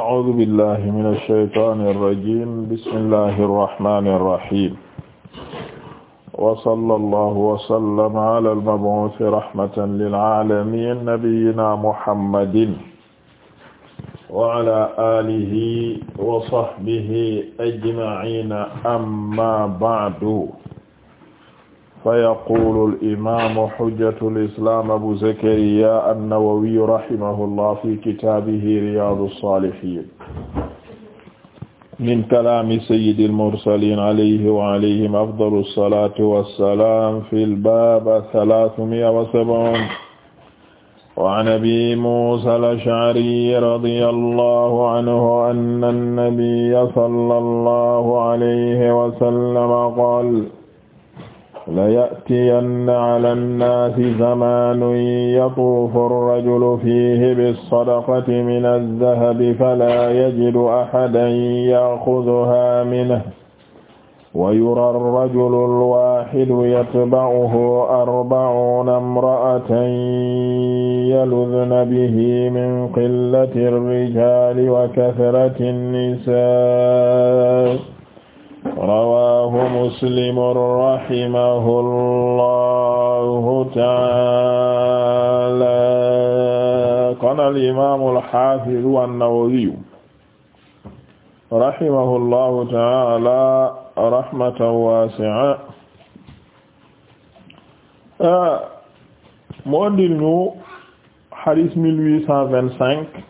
أعوذ بالله من الشيطان الرجيم بسم الله الرحمن الرحيم وصلى الله وسلم على المبعوث رحمة للعالمين نبينا محمد وعلى آله وصحبه أجمعين أما بعد فيقول الإمام حجة الإسلام أبو زكريا النووي رحمه الله في كتابه رياض الصالحين من كلام سيد المرسلين عليه وعليهم أفضل الصلاة والسلام في الباب الثلاثمائة وسبعون وعن أبي موسى الأشعري رضي الله عنه أن النبي صلى الله عليه وسلم قال la ya'tiyanna 'ala an-naasi zamaanun yatuufu ar-rajulu fiihi bis-sadaqati min adh-dhahabi falaa yajidu ahadan ya'khudhuhaa minhu wa yuraa ar-rajulu al-waahidu yatba'uhu arba'uuna imra'atan yaludhna bihi min qillati ar-rijaali wa kathrati an-nisaa' rawaahu muslim rahimahullahu ta'aala kon al-imaam al-haafiz an-Nawawi rahimahullahu ta'aala rahmatan waasi'a mu andil ñu hadiis 1825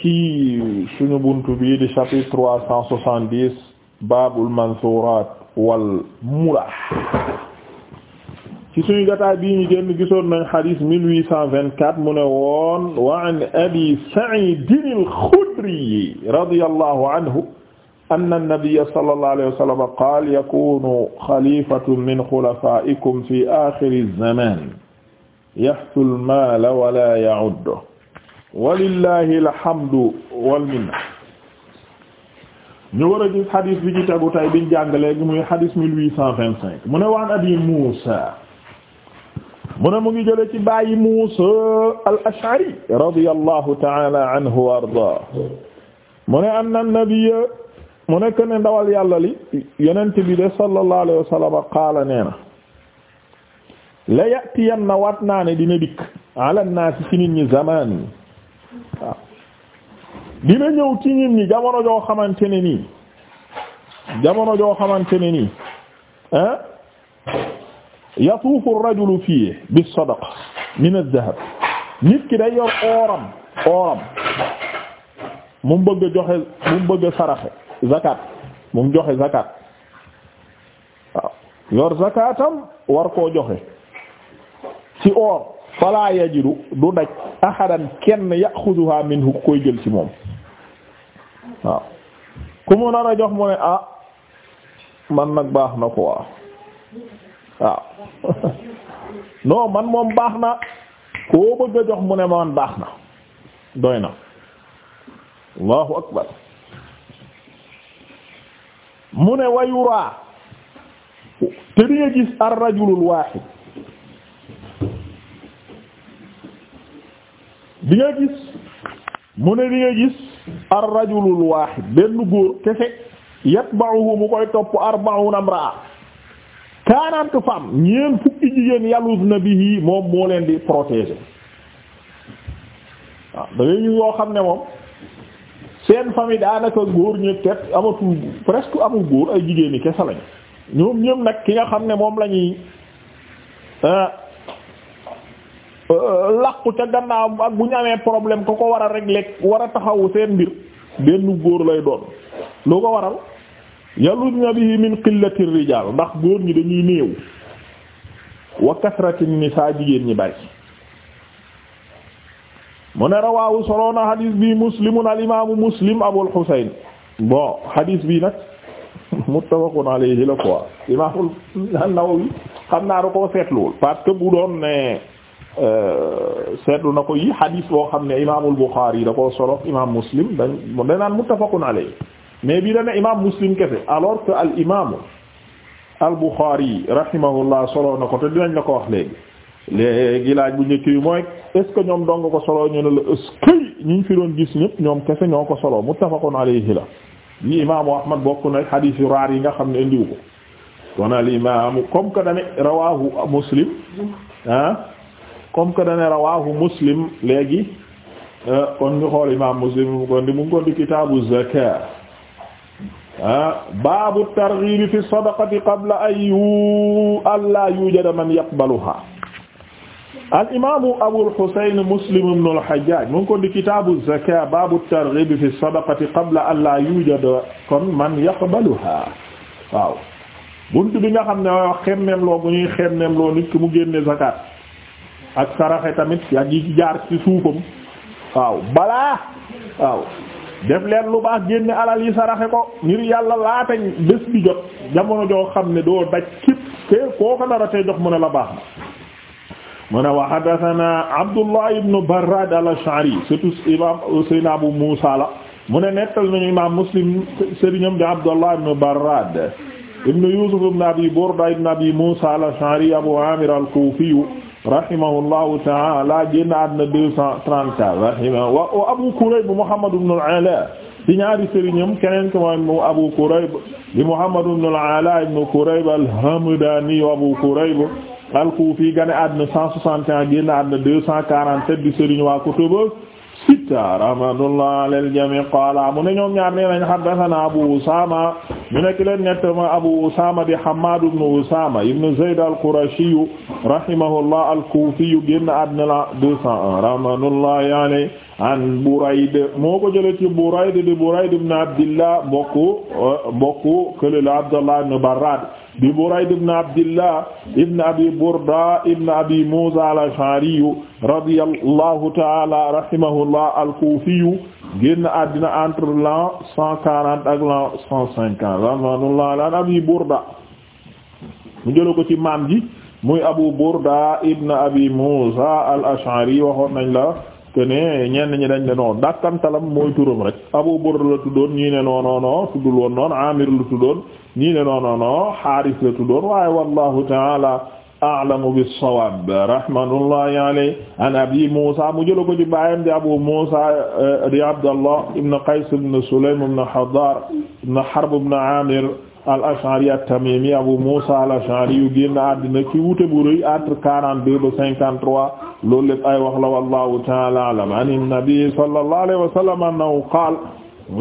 ci suñu buntu bi di chapitre trois cent soixante-dix babul mansurat wal mulah ci suñu gataay bii ñu génn gisoon nañ xadis mille huit cent vingt-quatre mu ne woon wa an abi sa'id al-khudri radiyallahu anhu anna an-nabiyya sallallahu alayhi wa sallam qaala yakunu khalifatun min khulafa'ikum fi akhir az-zaman yahsul maala wa la ya'uddu walillahi alhamdu wal minna ñu war a gis xadis bi ci tegu tay biñ jàng léegi muy xadis mille huit mu ne waan abi Muusa mu ne mu ngi jële ci bàyyi Muusa al Ash'ari radiyallahu ta'ala anhu wa ardaa mu ne anna nabiyya mu nekk ne ndawal yàlla li yonent bi de sallallahu alayhi wa sallam qaala nee na la ya'tiyanna waat naa ne dina ala naasi ci nit ñi zamaan waaw dina ñëw ci nit ñi jamono joo xamante ne nii jamono joo xamante ne nii ah yatuufu ar-rajulu fii bis min az-zahab nit ki day yor ooram ooram mu bëgg a joxe mu bëgg saraxe zakat mu joxe zakat yor zakatam war koo joxe ci oor fala yajidu du daj ahadan kenn yaxuduha minhu koy jël ci moom waaw ku mu nar a jox mu ne ah man nag baax na ko waaw non man moom baax na koo bëgg a jox mu ne man baax na doy na allahu akbar mu ne wayuraa te di nga gis waaxid di nga gis mu ne di nga gis ar rajulul wahid benn góor kese yatba'uhu mu koy topp arba'una imra'a quarante femmes ñeen fukki jigéen yaluzna bihi moom moo leen di protéger waaw gis yoo xam ne moom seen famille daanaka góor ñu tet amatul presque amul góor ay jigéen kese lañ ñoom ñoom nag ki nga xam ne moom lañuy ah, làqu ca gannaaw ak bu ñu amee problème ko ko war a régler war a taxawu seen mbir benn góor lay doon lu ko waral yaludna bihi min qillati rijal ndax góor ñi dañuy néew wa kasrati nisaa jigéen ñi bari mu ne rawaahu soloona hadis bi muslimun al imaamu muslim abul husayn bon hadis bi nag muttafaqun alayhi la quoi imaamul Nawawi xam naa da koo seetluwul parce que bu doon ne Euh, seetlu na ko yi hadis boo xam ne imaamul Bukhari da koo solo imaam Muslim dañ danaan muttafaqun alayhi mais bii da ne imaam Muslim kese alors que al imaamu al solo na ko te dinañ la ko wax léegi. léegi laaj bu njëkk yi mooy est-ce ñoom dong ko solo ñu ne la est-ce que ñi fi doon gis ñëpp ñoom kese ñoo ko solo muttafaqun alayhi la yi imaamu Ahmad bokk na hadis yu raar yi nga xam ne indiwu ko kon al imaamu comme que rawaahu Muslim ah, comme que dane rawahu muslim léegi euh, kon ñu xool imam muslim mu kon di mu ngi kon di kitaabu zakat ah baabu targhibi fi sadaqati qabla an yu alla yujada man yaqbaluha al imamu abul husayn muslim ibn al hajjaj mu ngi kon di kitaabu zakat baabu targhibi fi sadaqati qabla an la yujada kon man yaqbaluha waaw buntu bi nga xam ne xemmeem loo bu ñuy xemmeem loo nit ki mu génne zakat ak saraxe tamit ak yi jaar ci suufam waaw balaa waaw def leen lu baax génne alal yi saraxe ko ngir yàlla laata bés bi jot jamono joo xam ne doo daj képp te koo ko nar a tee jox mu ne la baax na mu ne wa haddathana Abdullah ibn Barrad al-Ash'ari surtout imam Seyna Abu Musa la mu ne nettal nañu imam Muslim sëriñam di Abdullah ibn Barrad ibn Yusuf ibn Abi Burda ibn Abi Musa al-Ash'ari Abu Amir al-Kufi rahimahullahu ta'ala génn àddina deux cent trente-quatre rahimahu wa Abu Kurayb Muhammad ibn al-Ala ci ñaari sëriñam keneen ki mooy Abu Kurayb di Muhammad ibn al-Ala ibn Kurayb al-Hamdani Abu Kurayb al-Kufi génn àddina cent soixante et un génn àddina deux cent quarante-sept di sëriñ waa Kutubu sitta rahmatullah ala al-jami qaala mu ne ñoom ñaar nee nañ haddathana Abu Usama ñu nekk leen nett ma Abu Usama di Hammad ibn Usama ibn Zayd al-Qurashi rahimahullah al-Kufi génn àddina la 201 rahmatullah alayhi an Burayd moo ko jëlee ci Burayd di Burayd ibn Abdillah mbokku mbokku kële la Abdullah di Burayd ibn Abdillah ibn Abi Burda ibn Abi Musa al-Ash'ari radiyallahu ta'ala rahimahullah al-Kufi génn àddina entre l'an 140 ak l'an 150 rahimahullah an Abi Burda mu jël ko ci maam ji muy Abu Burda ibn Abi Musa al-Ash'ari waxoon nañ la que ne ñenn ñi dañ ne non dàkkantalam mooy turam rek Abu Burda la tuddoon ñii ne non non non tuddul woon noonu Amir la tuddoon ñii ne non non non Haaris la tuddoon waaye wallahu ta'ala a'lamu bis-sawab rahmatullahi alayhi an Abi Musa mu jëla ko ci baayam di Abu Musa eh, di Abdallah ibn Qays ibn Sulaym ibn Hadar al-Ash'ari at-Tamimi Abu Musa al-Ash'ari yu génn àddina ci wuute bu rëy entre 42 ba 53 loolu lépp ay wax la wallahu ta'ala a'lam an an-nabi sallallahu alayhi wa sallam annahu qaala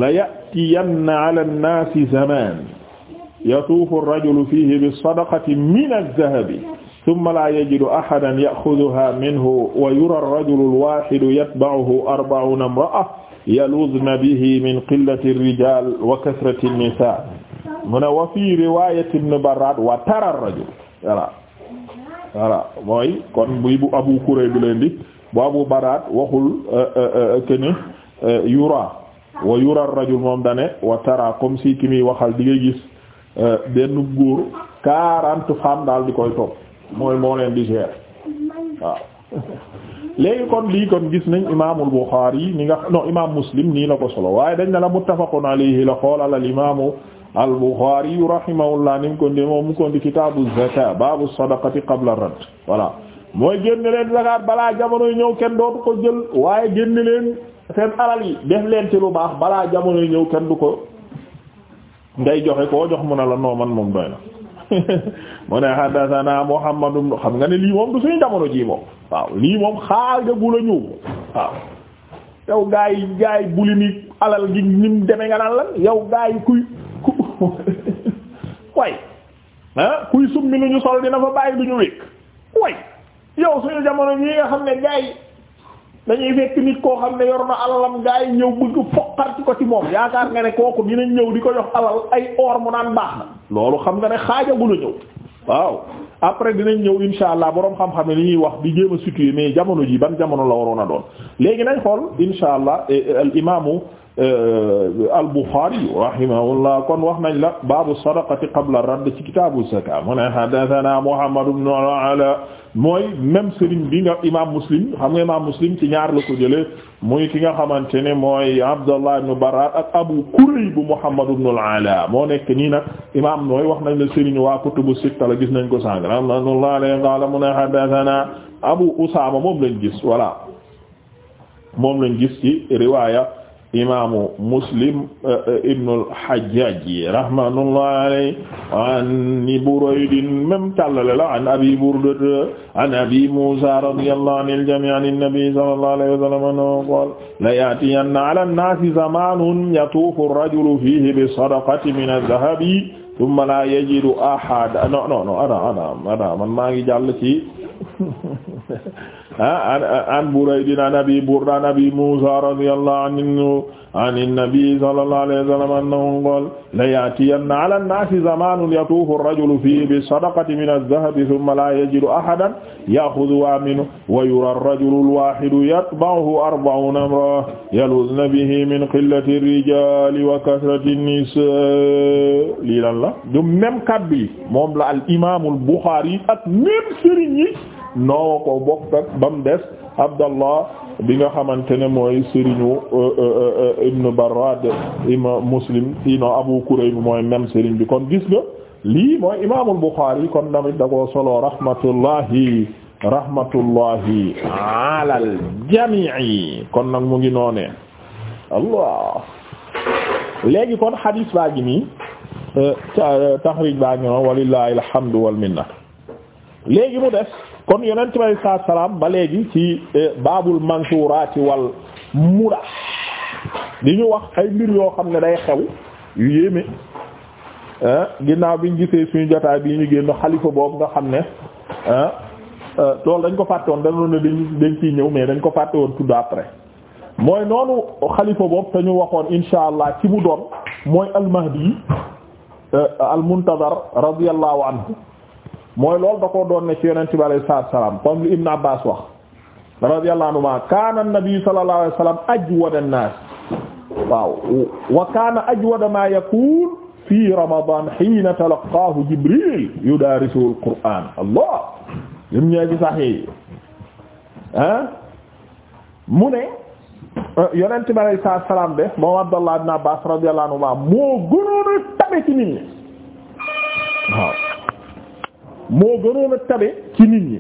la ya'tiyanna 'ala an-naasi zamaan yatuufu ar-rajulu fiihi bis-sadaqati min adh-dhahabi thumma laa yajidu ahadan ya'khudhuhaa minhu wa yura ar-rajulu al-waahidu yatba'uhu arba'uuna imra'a yaluuzna bihi min qillati ar-rijaal wa kathrati an-nisaa' mu ne wa fii riwaayati ibn Barrad wa tara rajul voilà voilà mooy kon buy bu Abu Kurayb bi leen di bu Abu Barrad waxul kene euh, euh, euh, yura wa yura rajul moom dane wa tara comme si ki muy waxal di ngay gis benn góor quarante femmes daal di koy topp mooy moo leen di gérer waaw léegi kon lii kon gis nañ imaamul Buxaari ni nga non imaam Muslim nii la ko solo waaye dañ na la muttafaqun alayhi la xoolal al imaamu al-Bukhari rahimahullah ni mu ko ndi moom mu ko ndi kitaabu zakat baabu sadaqati qabla radd voilà mooy génne leen zakat balaa jamonoy ñëw kenn dootu ko jël waaye génne leen seen alal yi def leen ci lu baax balaa jamonoy ñëw kenn du ko ngay joxe koo jox mu ne la noo man moom doy na mu ne haddathana Muhammadu xam nga ne lii moom du suñu jamono ji moom waaw lii moom xaal nga gula ñëw waaw yow gaa yi buli ni alal gi nim deme nga naan lan yow gaa way ah kuy summi lu ñu sol dina fa bàyyi du ñu wékk way yow suñu jamono yi nga xam ne gars yi dañuy fekk nit koo xam ne yor na alalam gars ñëw bëgg foqar ci ko ci moom yaakaar nga ne kooku dinañ ñëw di ko jox alal ay or mu naan baax na loolu xam nga ne xaajagula ñëw waaw après dinañ ñëw insha allah boroom xam-xam ne li ñuy wax di jéem a situer mais jamono jii ban jamono la waroon a doon léegi nañ xool insha allah eh, eh, al imaamu Euh, al-Bukhari rahimahullah kon wax nañ la baabu sadaqati qabla radd ci kitaabu zakaat mu ne haddathana Muhammad ibn Ala même Serigne bi nga imaam Muslim xam nga imaam ci ñaar la ko jëlee muy ki nga xamante ne mooy Abdullah ibn Barad ak Abu Kurayb Muhammad ibn Ala moo nekk nii nag imaam nooy wax nañ la Serigne waa kutubu sitta la gis nañ ko sànq rahimahullah alayhi qala mu ne haddathana Abu Usama moom lañ gis voilà moom lañ gis ci riwaaya imaamu muslim eh, eh, ibnul hajjaaj rahmatullahi alayhi an buraydin même tallale la an abi burda an abi muusa radiyallahu anil jamii anin nabi sallallahu alayhi wa sallam no qaal la yaatiyanna ala nnaasi zamaanun yatuufu rajulu fiihi bi sadaqati min az-zahabi thumma la yajidu ahad no no no ana ana ana man maa ngi jàll ci Ah, an Burayd an Abi Burda an Abi Musa radiyallahu anhu an an-nabi sallallahu alayhi wa sallam annahu qala la ya'tiyanna ala an-nasi zamanun yatufu ar-rajulu fihi bis-sadaqati min adh-dhahabi thumma la yajidu ahadan ya'khudhuha minhu wa yura ar-rajulu al-wahidu yatba'uhu arba'una imra'a yaluzna bihi min qillati ar-rijali wa kathrati an-nisa lii lan la du même kàddu yi moom la al-imam al-Bukhari ak même sëriñ yi noo ko bokk ak ba mu des Abdallah bi nga xamante ne mooy sëriñu euh, euh, euh, Ibn Barrad ima Muslim sinon Abu Kurayb mooy même sëriñ bi kon gis nga lii mooy imaamul Bukhari kon damit da koo solo rahmatullahi rahmatullahi alal jamii kon nag mu ngi noonee allah léegi kon hadis baa gi nii taxrij baa ngi noonu walillahi alhamdu wal minna léegi mu des kon yonent bi alayhi salaatu salaam ba léegi ci eh, baabul ci wal murah li ñu wax ay mbir yoo xam ne day xew yu yéeme eh, ginnaaw biñ gisee suñu jotaay bii ñu génn xalifa boobu nga xam ne eh, loolu dañ ko fàtte woon dañoo ne dañ ciy ñëw mais dañ ko fàtte woon tudd après mooy noonu xalifa boobu te ñu waxoon insha allah ci mu doon mooy al mahdi al muntazar radiyallahu anhu mooy loolu da ko doon ne ci yonent bi alayhi salaatu wa salaam comme li Ibn Abbas wax radiyallahu anhuma kaana an-nabi sallallahu alayhi wa sallam ajwada an-naas waaw wa kaana ajwada maa yakuun fi Ramadan hiina talaqqaahu Jibriil yudaarisuhu al-Qur'aan allah lim ñëwee ci Sahih ah mu ne yonent bi alayhi salaatu wa salaam de moom Abdallah ibn Abbas radiyallahu anhuma moo gënoon a tabe ci nit ñi waaw. moo gënoon a tabe ci nit ñi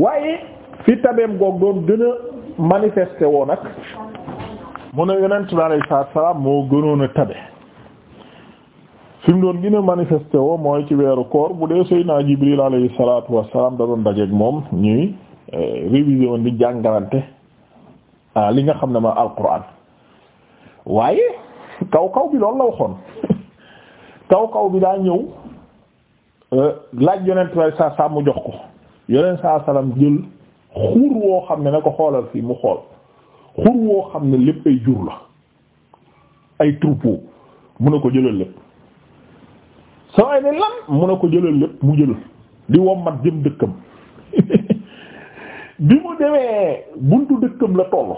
waaye fi tabeem goog doon gën a manifesté woo nag mu ne yonent bi alayhi salaam moo gënoon a tabe fi mu doon gën a manifesté woo mooy ci weeru koor bu dee Seydina Jibril alayhi salaatu wassalaam da doon dajeek moom ñuy eh, réviser woon di jàngalante ah li nga xam ne ma alquran waaye kaw kaw bi loolu la waxoon kaw kaw bi daa ñëw Euh, laaj yonent way saa saa mu jox ko yonent saa salaam jël xur woo xam ne na ko xoolal fii mu xool xur woo xam ne lépp ay jur la ay troupeau mu ne ko jëlal lépp soo ay ne lan mu ne ko jëlal lépp mu jël di wommat jëm dëkkam bi mu demee buntu dëkkam la tollu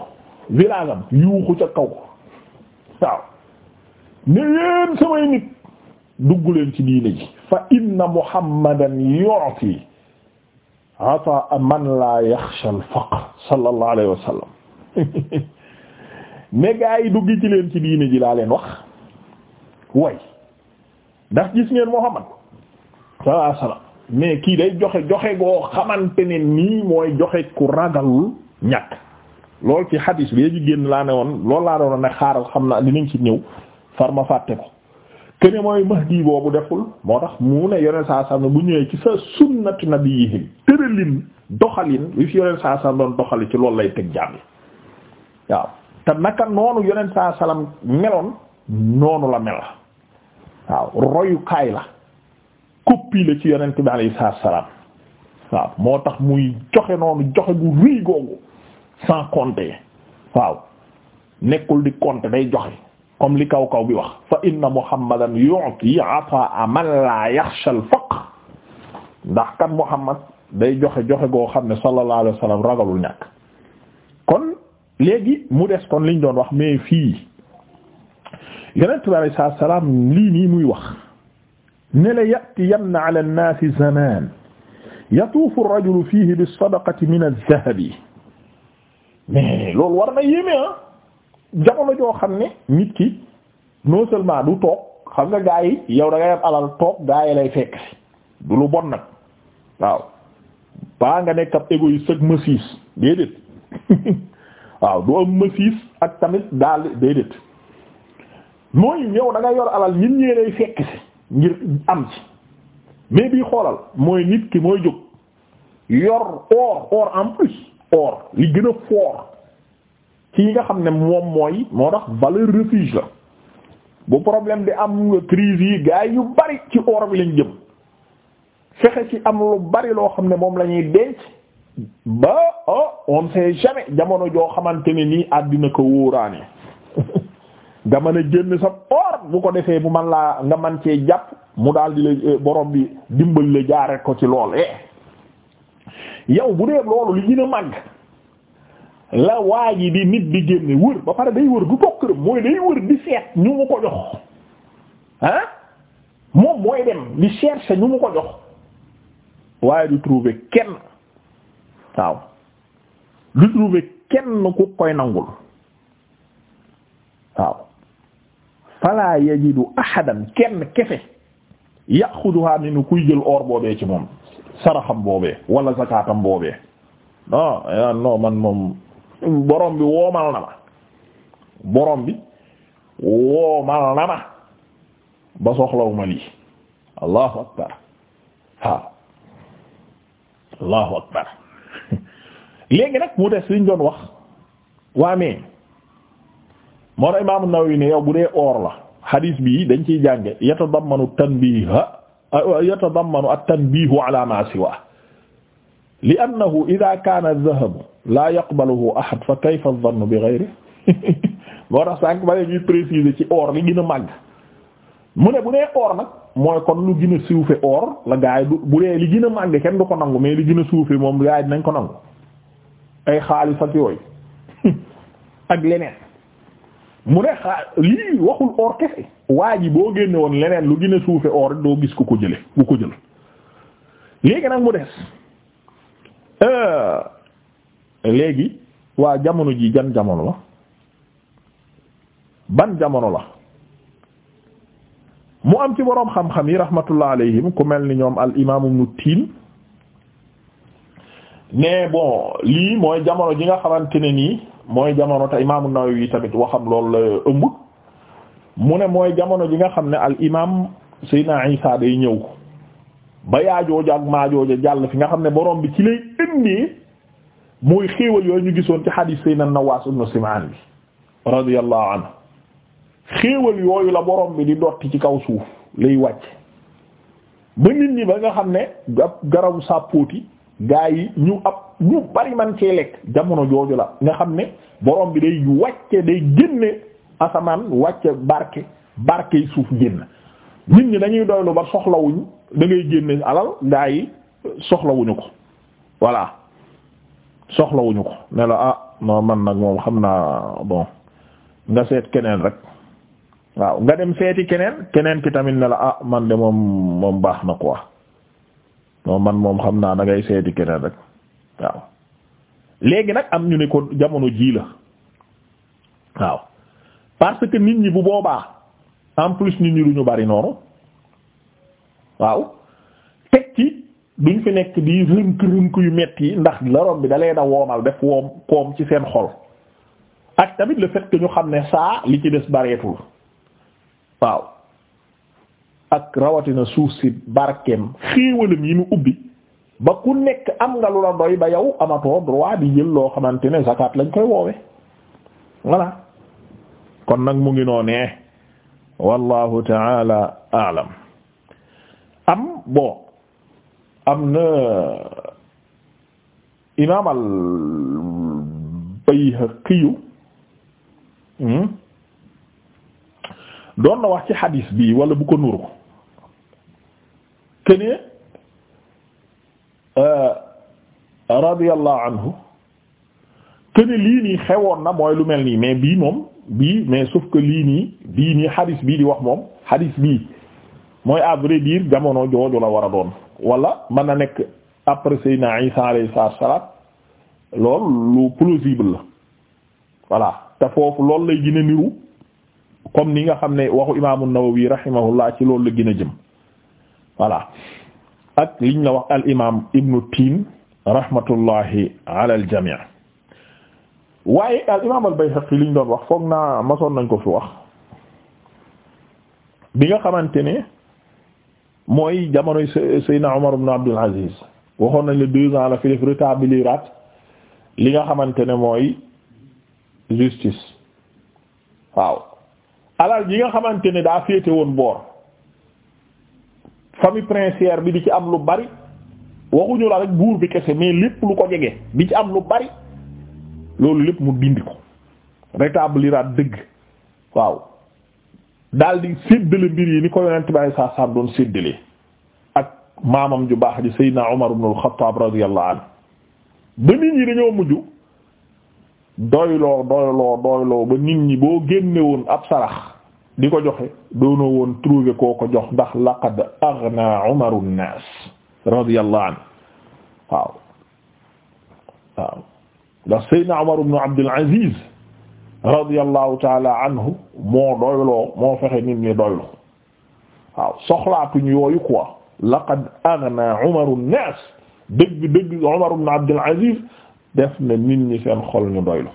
village yuuxu ca kaw waaw ne yeen samay nit dugg leen ci diine ji fa inna muhammadan yi ataa man la yaxsha al faqr sallallahu alayhi ne gaa yi dugg ci leen ci diine ji laa leen wax way ndax gis ngeen muhammad sallallahu alayhi kii day joxe joxe goo xamante ne nii mooy joxe ku ragal ñàkk lool ci hadis bi ji génn laa ne woon lool laa doon ne xaaral xam naa dinañ ci ñëw far ma fàtte ko kene mooy mahdi boobu deful moo tax mu ne yoneen saa sam bu ñëwee ci sa sunnati nabiyihim tëralin doxalin li fi yoneen saa sam doon doxali ci loolu lay teg jàmbi waaw te naka noonu yoneen saa salam meloon noonu la mel waaw royukaay la copie la ci yonent bi alayhi salaam waaw moo tax muy joxe noonu joxe gu rëy googu sans compter waaw nekkul di compter day joxe comme li kaw kaw bi wax fa inna muhammadan yu'ti ataa man la yaxsha al faqr ndax kan muhammad day joxe joxe goo xam ne sallallahu alayhi wasallam ragalul ñàkk kon léegi mu des kon liñ doon wax mais fii yonent bi alayhi salaatu salaam lii nii muy wax ne la ya'tiyanna ala an-naasi zamaan yatuufu ar-rajulu fiihi bis-sadaqati min adh-dhahabi mais loolu war na yéeme ah jamono joo xam ne nit ki non seulement du toog xam nga gaa yi yow da ngay am alal toog gaa yi lay fekk si du lu bon nag waaw baa nga nekk ab égoïste ak masis déedéet waaw du am masis ak tamit daal déedéet mooy yow da yor alal nit ñee lay fekk si ngir am ci mais bii xoolal mooy nit ki mooy jóg yor or or en plus or li gën a fort kii nga xam ne moom mooy moo tax valeur refuge la bu problème bi am crise yi gaay yu bari ci or bi lañ jëm fexe ci am lu bari loo xam ne moom la ñuy denc ba oh on sait jamais jamono joo xamante ne nii àddina ko wóoraane nga mën a génn sa or bu ko defee bu man laa nga man cee jàpp mu daal di la eh, borom bi dimbali la jaare ko ci lool eh yow bu dee loolu li gën màgg la waa ji di nit di génne wër ba pare day wër du toog këram mooy day wër di seet ñu mu ko jox ah moom mooy dem di chercher ñu mu ko jox waaye du trouver kenn waaw du trouver kenn ku koy nangul waaw fala yajidu ahadan kenn kese yaxuduha ni nu kuy jël or boobee ci moom saraxam boobee wala zakatam boobee non eh, non man moom borom bi woo na ma borom bi woomal na ma ba soxlaw ma lii allahu akbar waaw allahu akbar léegi nag mu des liñ doon wax waa mais moo tax imaam an yow bu dee or la xadiis bii dañ ciy jànge yatadammanu tanbiha yatadammanu at-tanbihu ala ma siwa li annahu ida kaana dahabu laa yaqbaluhu ahad fa kayfa zannu bi ghayri moo tax sànq ba ñuy préciser ci or li gën a màgg mu ne bu nee or nag mooy kon lu gën a suufe or la gaa du bu dee li gën a màgg kenn du ko nangu mais li gën a suufe moom gaa yi dinañ ko nangu ay xaalis ak yooyu ak leneen mu ne xaa lii waxul or kese waa ji boo génne woon leneen lu gën a suufe or doo gis ku ko jële ku ko jël léegi nag mu des Euh, léegi waa jamono ji jan jamono la ban jamono la mu am ci boroom xam-xam yi rahmatullah alayhim ku mel ni ñoom al imaamu nu tiin ne bon lii mooy jamono ji nga xamante ne mooy jamono te imaamu Nawawi tamit waxam loolu la ëmb mu ne mooy jamono ji nga xam ne al imaam Seydina Isa day ñëw ba yaajooja ak maajooja jàll fi nga xam ne boroom bi ci lay indi mooy xéewal yooyu ñu gisoon ci hadith sayna Nawaas ibn Simaan bi radiyallahu anhu xéewal yooyu la boroom bi di dotti ci kaw suuf lay wàcc ba nit ñi ba nga xam ne ab garabu sàppooti gaa yi ñu ab ñu bari man cee lekk jamono jooju la xam ne borom bi day wàcce day génne asamaan wàcce barke barke suuf génn nit ñi dañuy doylu ba soxlawuñ da ngay génne alal gaa soxlawuñu ko voilà soxlawuñu ko ne a ah man nag moom xam naa bon nga seet keneen rek waaw nga dem seeti keneen keneen ki tamit ne a ah, man de moom moom baax na ko quoi non man moom xam naa da ngay seeti keneen rek waaw léegi nag am ñu ne ko jamono jii la waaw parce que nit ñi bu boobaa en plus nit ñi lu ñu bari noonu. waaw teg ci duñ fi nekk di rënk rënk yu metti ndax larom bi dalee na woomal def woom koom ci seen xol ak tamit le fait ñu xam ne saa li ci des bareetul waaw ak rawatina suuf si barkeem xéewalam yi mu ubbi ba ku nekk am nga lu la doy ba yow amatoo droit di jël loo xamante ne zakat lañ koy woowe voilà kon nag mu ngi noonee wallahu ta'ala a'lam am bon am na imaam al Bayhaqi hmm, doon na wax ci xadiis bi wala bu ko nuru kene euh, radiyallahu anhu kene lii nii xewoon na mooy lu mel ni mais bii moom bii mais sauf que lii nii bii nii xadiis bii di wax moom xadiis bii mooy à vrai dire jamono jooju la war a doon wala mën na nekk après Seydina Isa alayhi salaam loolu lu plausible la voilà te foofu loolu lay gën a niru comme ni nga xam ne waxu imaamu Nawawi rahimahullah ci loolu la gën a jëm voilà ak liñ la wax al imaam Ibnu Tiin rahmatullahi ala jamii waaye al imaam al Bayhaqi liñ doon wax foog naa masoon nañ ko fi wax bi nga xamante ne. mooy jamonoy Seydina Omar ibn Abdul Aziz waxoon nañ le deux ans la fi def rétablir li nga xamante ne mooy justice waaw alal yi nga xamante ne daa féete woon boor famille princière bi di ci am lu bari waxuñu la rek buur bi kese mais lépp lu ko jege di ci am lu bari loolu lépp mu dindi ko rétablir dëgg waaw daal di séddale mbir yi ni ko yonent bi saa doon séddale ak maamam ju baax ji Seydina Umar ibn al-Khattab radiyallahu anhu ba nit ñi dañoo mujj doyloo boo génne woon ab sarax di ko joxe doonoo woon trouver koo ko jox ndax laqad aghna Umaru an-nas radiyallahu anhu waaw waaw ndax Seydina Umar ibn Abdul radiyallahu taala anhu moo doyloo moo fexe nit ñi doylu waaw soxlaatuñ yooyu quoi laqad aghna Umar an-nas dëgg dëgg Umar ibn def na nit ñi seen xol ñu doylu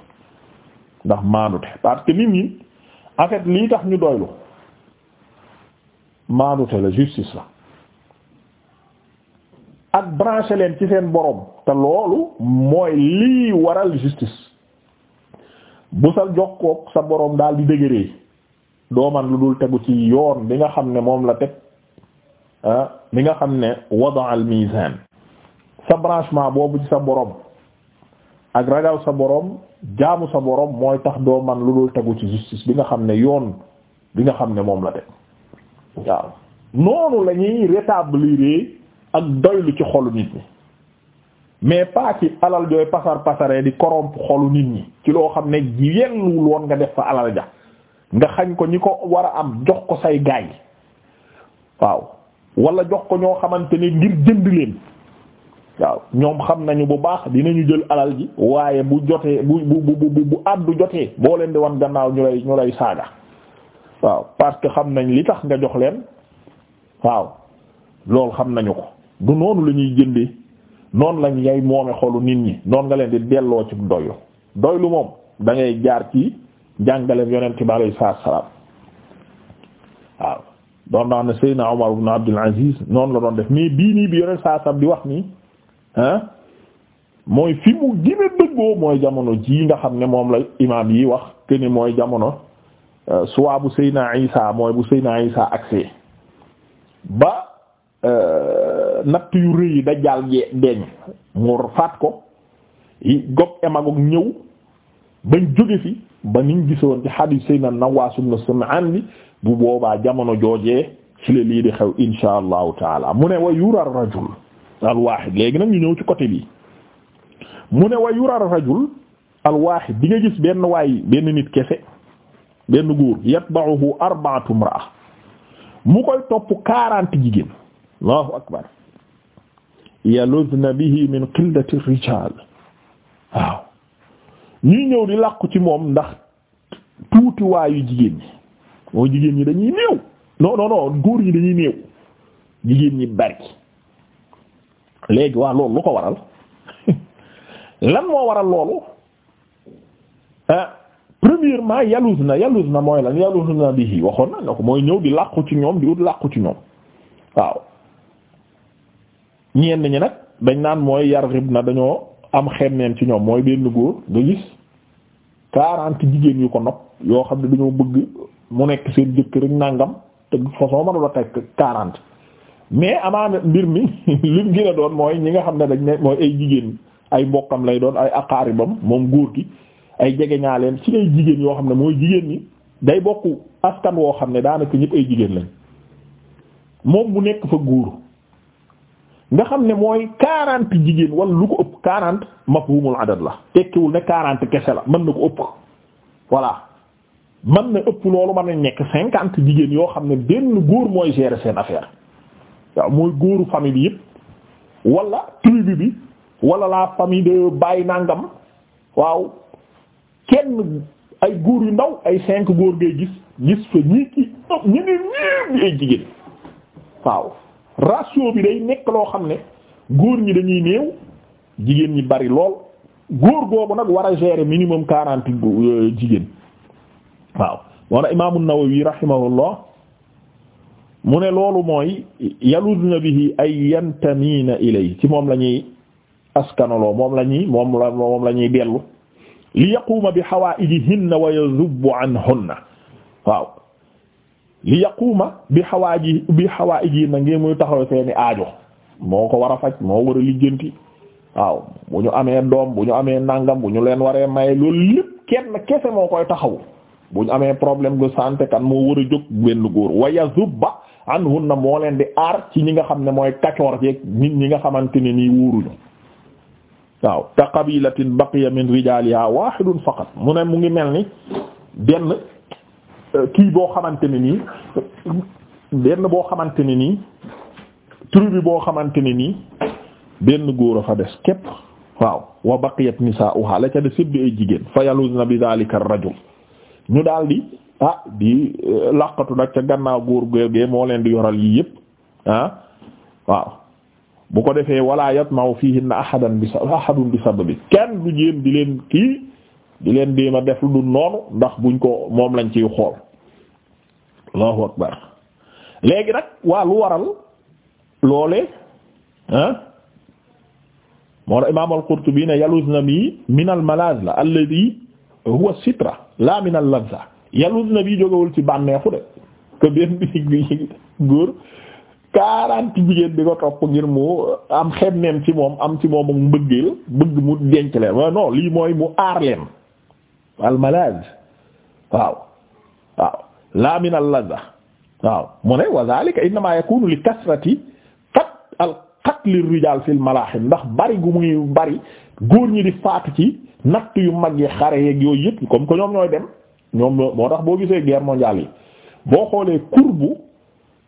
ndax maandute parce que nit ñi en fait lii tax ñu doylu maandute la justice la ak branché leen ci seen borom te loolu mooy lii waral justice bu sa jokkoog sa boroom daal di dëgëree dooman lu dul tegu ci yoon bi nga xam ne moom la teg ah bi nga xam ne wada al mizan sa branchement boobu ci sa boroom ak ragal sa boroom jaamu sa boroom mooy tax doo man lu dul tegu ci justice bi nga xam ne yoon bi nga xam ne moom la teg waaw noonu lañuy rétablir ak doylu ci xolu nit ñi mais pas ci alal jooy pasar pasaree di corrompre xolu nit ñi ci loo xam ne yelluwul woon nga def fa alal ja nga xañ ko ñi ko war a am jox ko say gaay waaw wala jox ko ñoo xamante ni ngir jënd leen waaw ñoom xam nañu bu baax dinañu jël alal ji waaye bu jotee bu bu bu àddu jotee boo leen di wan gannaaw ñu lay ñu lay saaga waaw parce xam nañ li tax nga jox leen waaw loolu xam nañu ko du noonu la ñuy jëndee. noonu lañ ngay moome xolu nit ñi noonu nga leen di delloo ci doylu doylu moom da ngay jaar ci jàngaleem yonent bi alayhi salaam waaw doon naa ne Seydina Omar ibn Abdul Aziz noonu la doon def mais bii nii bi yonent saa sam di wax nii mooy fi mu gën dëggoo mooy jamono ji nga xam ne moom la imaam yi wax que mooy jamono euh, soit seyna Seydina Isa mooy bu Seydina Isa agsee ba. Euh, natt yu rëy yi dajjaal jee deñ mu faat ko Gog et ñëw bañ jóge fi ba niñ gisoon ci hadith Seydina Nawaas ibn Sam'aan bi bu boobaa jamono joojee ci la lii di xew insha allahu taala mu ne wa yura rajul al waahid léegi nag ñëw ci côté bi mu ne wa yura rajul al waahid di gis benn waay benn nit kese benn góor yatba'uhu arba'atu imra'a mu koy topp quarante jigéen allahu akbar yaluzna bihi min qillati rijal waaw ñuy ñëw di làqu ci moom ndax tuuti waayu jigéen ñi moo jigéen ñi dañuy néew non non góor ñi dañuy néew jigéen ñi bari léegi waa loolu lu ko waral lan moo waral loolu ah premièrement yaluzna yaluzna mooy lan yaluzna bihi waxoon na ko mooy ñëw di làqu ci ñoom di ut làqu ci ñoom waaw ñeen ñi nag dañ naan mooy yarrib na dañoo am xemmeen ci ñoom mooy benn góor nga gis quarante jigéen yu ko nopp yoo xam ne dañoo bëgg mu nekk seen jëkkër rek nàngam te façon mënula tekk quarante mais amaana mbir mi lim gën a doon mooy ñi nga xam ne dañ mooy ay jigéen ay mbokkam lay doon ay aqaaribam moom góor gi ay jegeñaaleem ci ay jigéen yoo xam ne mooy jigéen ñi day bokku askan woo xam ne daanaka ñëpp ay jigéen lañ moom mu nekk fa góor nga xam ne mooy quarante jigéen wala lu ko ëpp quarante mafhumul adad la tekkiwul ne quarante kese la mën na ko ëpp voilà man na ëpp loolu mën na nekk cinquante jigéen yoo xam ne benn góor mooy gérer seen affaire waaw mooy góoru famille bi yëpp wala tribu bi wala la famille de Baye Nangam waaw kenn ay góor yu ndaw ay cinq góor ngay gis gis fa ñii ki ñi ne ñépp ay jigéen waaw ratio bi day nekk loo xam ne góor ñi dañuy néew jigéen ñi bari lool góor goobu nag war a gérer minimum quarante euh, jigéen waaw moo na imaamu Nawawi rahimahullah mu ne loolu mooy yaludna bihi ay yantamina ilay ci moom lañuy ñuy askanaloo moom la moom la ñuy dellu li yaquuma bi hawaa'ijihinna wa yazubbu anhunna waaw li yaquuma bi xawaaji bi xawaaji na ngeen muy taxaw seeni aajo moo ko war a faj moo war a lijjanti waaw bu ñu amee doom bu ñu amee nangam bu ñu leen waree maye loolu lépp kenn kese moo koy taxaw bu ñu amee problème de santé kan moo war a jóg benn góor ba zubba anhun na moo leen di aar ci ñi nga xam ne mooy kacoor yeeg nit ñi nga xamante ne nii wóoruñu waaw te qabilatin baqiya min rijaliha wahidun faqat mu ne mu ngi mel ni benn kii boo xamante ne nii benn boo xamante ne nii tribu boo xamante ne nii benn góor a fa des képp waaw wa baqiyat nisaa'uha la ca des yëpp ay jigéen fa yaluzna bi dhalika ar ñu daal di ah di eh, laqatu nag ca gannaaw góor góorgee moo leen di yoral yii yëpp ah. waaw bu ko defee wala yatma'u fiihinna ahadan bi sababi kenn du jéem di leen kii di leen bii ma def lu dul noonu ndax buñ ko moom lañ ci xool allahu akbar léegi nag waa lu waral loole ah moo imaam al-Qurtubi ne na bi min al-malaz la alladhi huwa sitra la min al-labza yaluzna bi jógewul ci bànneexu de que benn bi góor quarante jigéen di ko topp ngir mu am xemmeem ci moom am ci moom ak mbëggeel bëgg mu denc leen non lii mooy mu aar leen al malaaz waaw waaw la min al ladha waaw mu ne wa dhalika innama yakunu li kasrati qat al qatl ar fi al malahim ndax bari gu muy bari góor ñi di faatu ci natt yu mag yi xare yeeg yooyu yëpp comme que ñoom ñooy dem ñoom moo tax boo gisee guerre mondiale yi boo xoolee courbe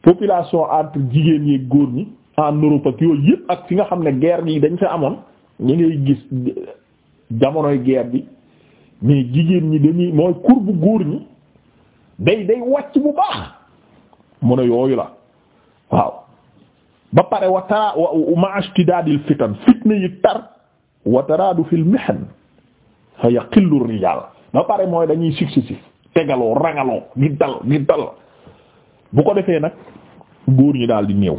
population entre jigéen yeeg góor ñi en Europe ak yooyu yëpp ak fi nga xam ne guerre yi dañ fa amoon ñu ngay gis jamonoy guerre bi mais jigéen ñi dañuy mooy kur góor ñi day day wàcc bu baax mu ne yooyu la waaw ba pare wa tara ma ashtidadil fitan fitna yi tar wa taradu fil mihan fa yaqillu rijal ba pare mooy dañuy successif tegaloo rangaloo di dal bu ko defee nag góor ñi daal di néew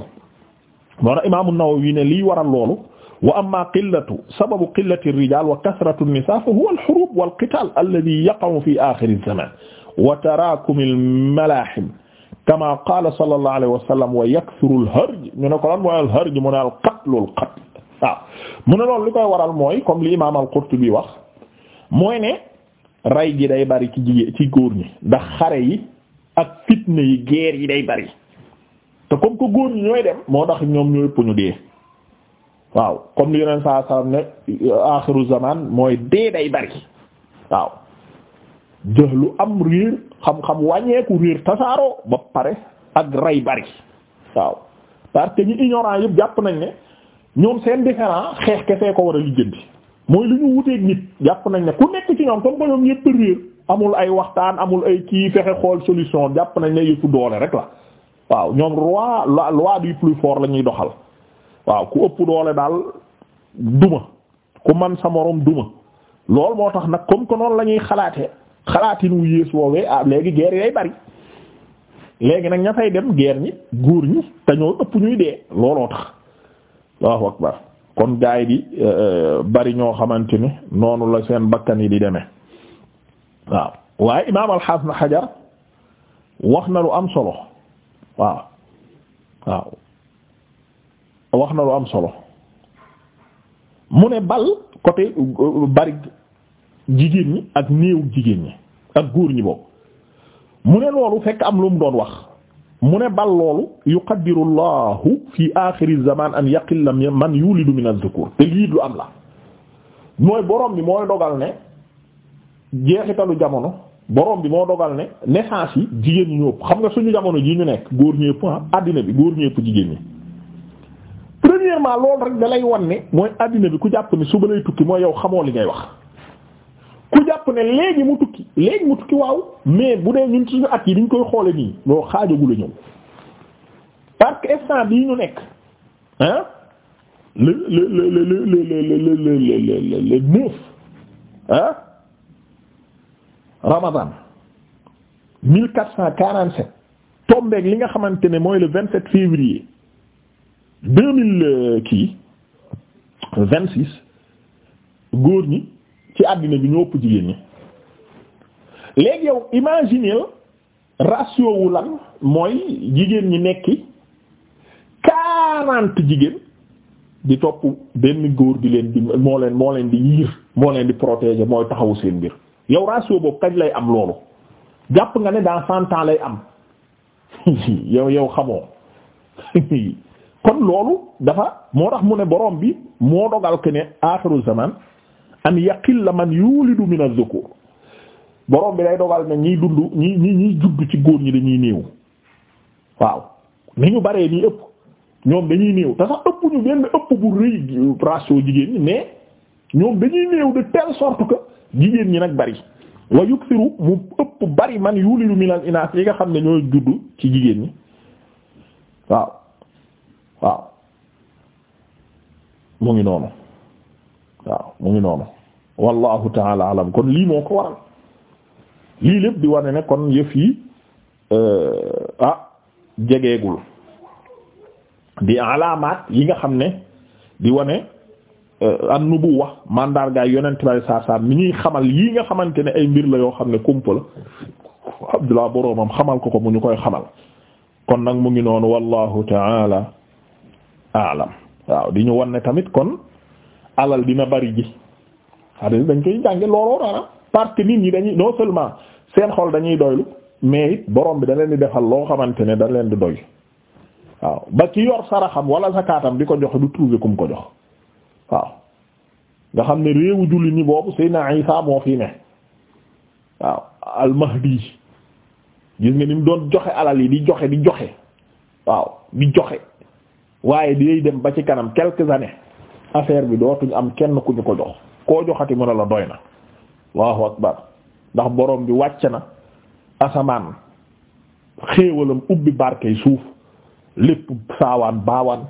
moo tax Imaamu Nawawi ne liy waral loolu wa amma qillatu sababu qillati rijal wa kasratu nisa fa huwa alxurub walqital alladi yaqamu fi axiri zaman wa taraakumi almalahim kama qala sallallahu alayhi wa sallam wa yakthuru alharj ñu ne ko lan mooy alharj mu ne alqatlu alqatl waaw mu ne loolu li koy waral mooy comme li imam al-Qurtubi wax mooy ne rey gi day bari ci jigéen ci góor ñi ndax xare yi ak fitna yi guerre yi day bari te comme que góor ñi ñooy dem moo tax ñoom ñooy ëpp ñu dee waaw comme li yeneen saa salaam ne axiru zaman mooy dee day bari waaw jëxlu am réer xam-xam wàññeeku réer tasaaroo ba pare ak rey bari waaw parce que ñi ignorant yëpp jàpp nañ ne ñoom seen différent xeex kese ko war a lijjanti mooy li ñu wuteeg nit jàpp nañ ne ku nekk ci ñoom comme ba ñoom yëpp réer amul ay waxtaan amul ay kii fexe xool solution jàpp nañ ne yëfu doole rek la waaw ñoom roi la loi du plus fort la ñuy doxal waaw ku ëpp doole daal duma ku man sa morom duma loolu moo tax nag comme que noonu lañuy xalaate xalaatee xalaatin wu yées woowee ah léegi guerre yi day bari léegi nag ña fay dem guerre ñi góor ñi te ñoo ëpp ñuy dee looloo tax Allahu akbar kon gaay bi eh, eh, bari ñoo xamante ni noonu la seen bakkan yi di deme waaw waaye imaam alxaas na xajar wax na lu am solo waaw waaw wax na lu am solo mu ne bal côté euh, bari jigéen ñi ak néew jigéen ñi ak góor ñi boobu mu ne loolu fekk am lu mu doon wax mu ne bal loolu yuqaddiru llahu fi axiri zaman an yaqilla man yulidu min az-zukur te lii lu am la mooy borom bi mooy dogal ne jeexitalu jamono borom bi moo dogal ne naissance yi jigéen ñi ñëpp xam nga suñu jamono ji ñu nekk góor ñëpp ah, àddina bi góor ñëpp jigéen ñi premièrement loolu rek da lay wan ne mooy àddina bi ku jàpp ne suba lay tukki mooy yow xamoo li ngay wax ku jàpp ne léegi mu tukki léegi mu tukki waaw mais bu dee ñun suñu at yi niñ koy xoole nii loo xaajagula ñëw que instant bii ñu nekk hein le le le le le le le le le hein Ramadan mille quatre cent quarante-sept tombeeg li nga xamante ne mooy le vingt-sept février deux mille euh, kii vingt six góor ñi ci àddina bi ñoo ëpp jigéen ñi léegi yow imagineel ratio wu lan mooy jigéen ñi nekki quarante jigéen di topp benn góor di leen di moo leen di yiir moo leen di protéger mooy taxawu seen mbir yow ratio boobu kañ lay am loolu jàpp nga ne dans cent lay am yow yow xamoo kon loolu dafa moo tax mu ne borom bi moo dogal ke ne aaxiru zaman an la man yulidu min az ko borom bi day dogal ne ñiy dund ñi ñi ñiy judd ci góor ñi dañuy néew waaw ni ñu baree nii ëpp ñoom dañuy néew te sax ëpp ñu benn ëpp bu rëy ratio jigéen ñi mais ñoom dañuy néew de telle sorte que jigéen ñi nag bari wa yukthiru mu ëpp bari man yulidu min al-inas yi nga xam ne ñooy judd ci jigéen ñi waaw waaw mu ngi noonu waaw mu ngi noonu wallahu taala alam kon lii moo ko waral lii lépp di wane ne kon yëf yi euh, ah jegeegul di alaamaat yi nga xam ne di wane euh, an wax mandargaay yonent bari saa saa mi ñuy xamal yi nga xamante ne ay mbir la yoo xam ne kumpa la abdullah boroomam xamal ko ko mu ñu koy xamal kon nag mu ngi noonu wallahu taala aalam waaw di ñu won ne tamit kon alal dina bari ji hadith dañ koy jànge looloo dara ah, parce que nit ñi dañuy non seulement seen xol dañuy doylu mais it borom bi da leen di defal loo xamante ne da leen di doy waaw ba ci yor saraxam wala zakaatam di ko joxe du trouver kum ko jox waaw nga xam ne réewu julli ñi boobu Seydina Isa moo fi ne waaw al-Mahdi gis nga ni mu doon joxe alal yi di joxe di joxe waaw di joxe waaye day dem ba ci kanam quelques années affaire bi dootuñ am kenn ku ñu ko jox koo joxati mën a la doy na akbar ndax borom bi wàcc na asamaan xéewalam ubbi barkey suuf lépp saawaan baawaan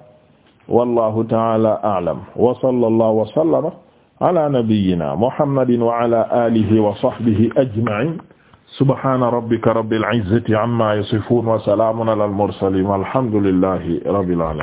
wallahu taala a'lam wa sallallahu wa sallama ala nabiyyina muhammadin wa ala alihi wa sahbihi ajma'in subhana rabbika rabbil izzati amma yasifun wa salamun ala al mursalin walhamdulillahi rabbil alamin